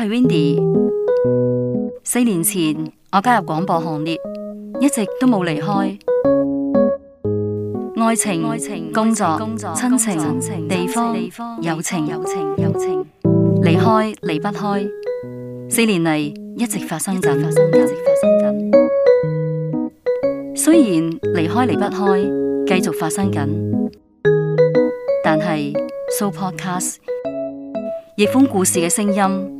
係 Windy，四年前我加入廣播行列，一直都冇離開。愛,情,愛情,情、工作、親情、地方、友情,情,情,情,情，離開離不開，四年嚟一直發生緊。雖然離開離不開，繼續發生緊，但係 ShowPodcast 逆風故事嘅聲音。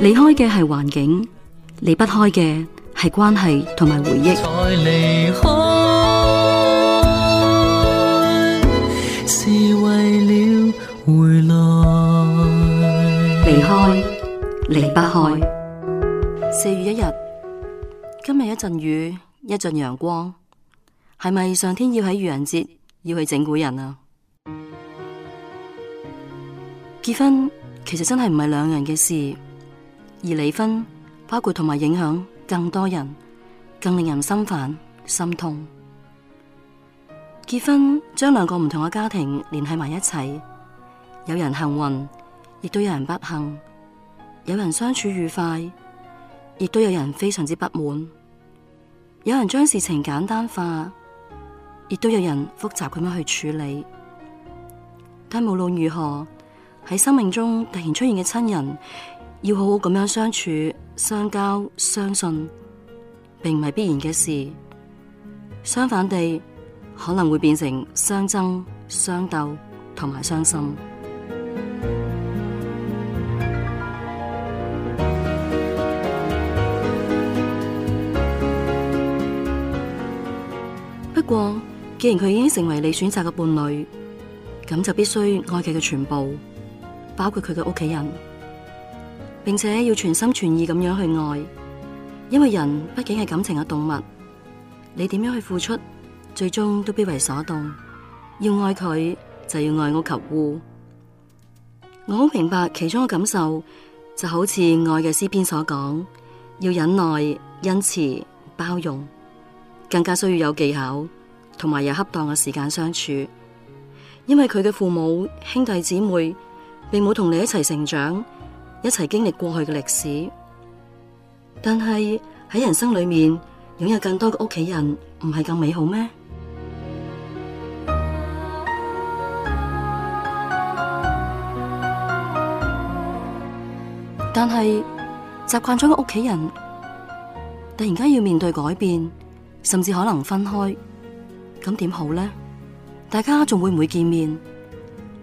離開嘅係環境，離不開嘅係關係同埋回憶。離開是為了回來。離開離不開。四月一日，今日一陣雨，一陣陽光，係咪上天要喺愚人節要去整蠱人啊？結婚其實真係唔係兩人嘅事。而離婚包括同埋影響更多人，更令人心煩，心痛。結婚將兩個唔同嘅家庭聯繫埋一齊，有人幸運，亦都有人不幸；有人相處愉快，亦都有人非常之不滿。有人將事情簡單化，亦都有人複雜咁樣去處理。但無論如何，喺生命中突然出現嘅親人。要好好咁樣相處、相交、相信，並唔係必然嘅事。相反地，可能會變成相爭、相鬥同埋傷心。 不過，既然佢已經成為你選擇嘅伴侶，咁就必須愛佢嘅全部，包括佢嘅屋企人。並且要全心全意咁樣去愛，因為人畢竟係感情嘅動物。你點樣去付出，最終都必為所動。要愛佢，就要愛屋及烏。我好明白其中嘅感受，就好似《愛嘅詩篇》所講，要忍耐、恩慈、包容，更加需要有技巧，同埋有恰當嘅時間相處。因為佢嘅父母、兄弟姊妹，並冇同你一齊成長。一齊經歷過去嘅歷史，但係喺人生裏面擁有更多嘅屋企人，唔係更美好咩？但係習慣咗個屋企人，突然間要面對改變，甚至可能分開，咁點好呢？大家仲會唔會見面？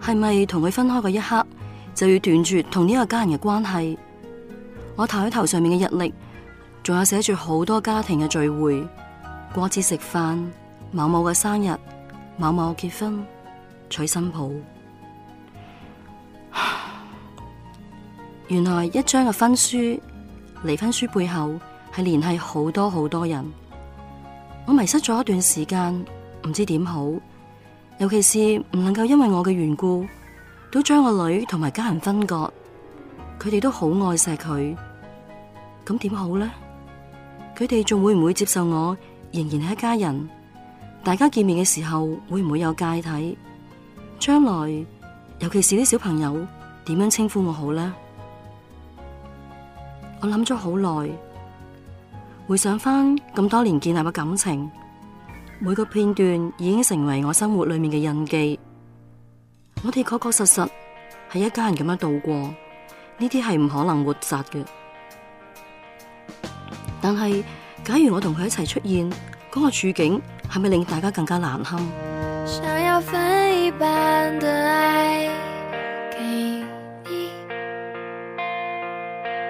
係咪同佢分開嘅一刻？就要斷絕同呢個家人嘅關係。我睇喺頭上面嘅日曆，仲有寫住好多家庭嘅聚會，過節食飯，某某嘅生日，某某結婚娶新抱。原來一張嘅婚書、離婚書背後係聯繫好多好多人。我迷失咗一段時間，唔知點好，尤其是唔能夠因為我嘅緣故。都將我女同埋家人分割，佢哋都好愛錫佢，咁點好呢？佢哋仲會唔會接受我？仍然係一家人，大家見面嘅時候會唔會有芥蒂？將來，尤其是啲小朋友，點樣稱呼我好呢？我諗咗好耐，會想回想翻咁多年建立嘅感情，每個片段已經成為我生活裏面嘅印記。我哋確確實實係一家人咁樣度過，呢啲係唔可能抹殺嘅。但係假如我同佢一齊出現，嗰個處境係咪令大家更加難堪？想要分一半的愛給你，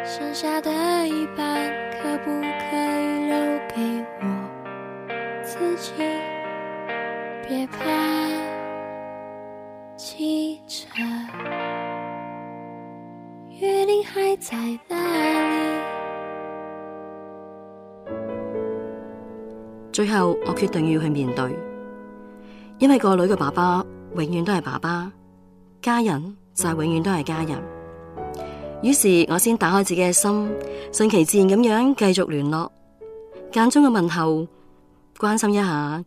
剩下的一半可唔可以留給我自己？別怕最後，我決定要去面對，因為個女嘅爸爸永遠都係爸爸，家人就係永遠都係家人。於是我先打開自己嘅心，順其自然咁樣繼續聯絡，間中嘅問候，關心一下。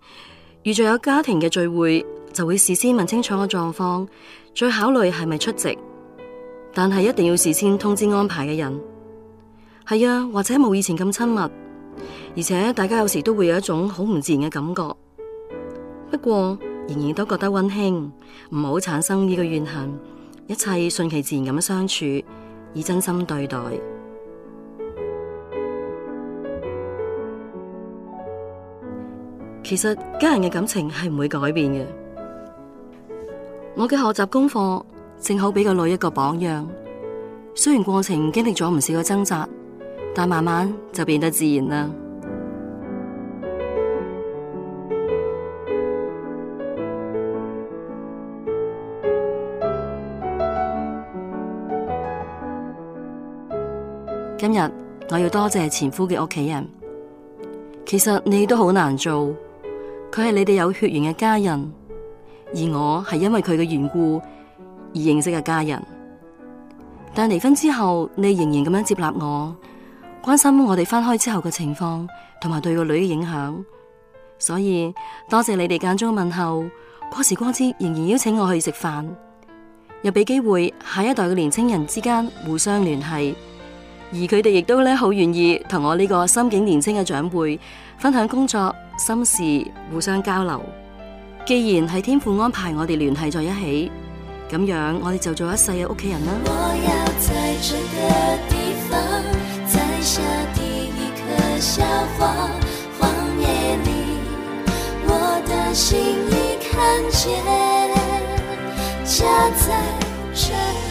遇着有家庭嘅聚會，就會事先問清楚個狀況，再考慮係咪出席。但係一定要事先通知安排嘅人。係啊，或者冇以前咁親密，而且大家有時都會有一種好唔自然嘅感覺。不過仍然都覺得溫馨，唔好產生呢個怨恨，一切順其自然咁相處，以真心對待。其實家人嘅感情係唔會改變嘅。我嘅學習功課正好俾個女一個榜樣。雖然過程經歷咗唔少嘅掙扎，但慢慢就變得自然啦。今日我要多謝前夫嘅屋企人。其實你都好難做。佢係你哋有血緣嘅家人，而我係因為佢嘅緣故而認識嘅家人。但係離婚之後，你仍然咁樣接納我，關心我哋分開之後嘅情況，同埋對個女嘅影響。所以多謝你哋間中嘅問候，過時過節，仍然邀請我去食飯，又俾機會下一代嘅年青人之間互相聯繫，而佢哋亦都咧好願意同我呢個心境年青嘅長輩分享工作，心事互相交流，既然係天父安排我哋聯繫在一起，咁樣我哋就做一世嘅屋企人啦。我要在這個地方，摘下第一顆笑話，荒野裏我的心已看見，家在這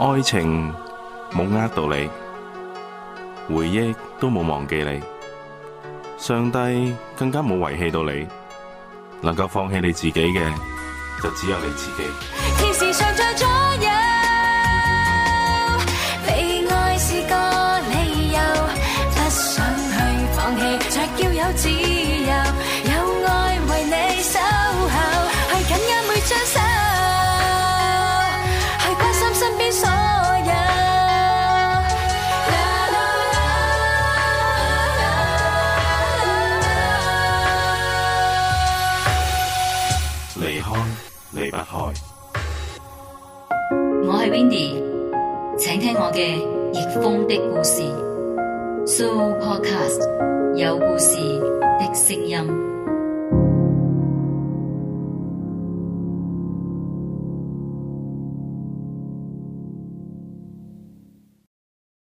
愛情冇呃到你，回憶都冇忘記你，上帝更加冇遺棄到你，能夠放棄你自己嘅，就只有你自己。我嘅逆風的故事，So Podcast 有故事的聲音。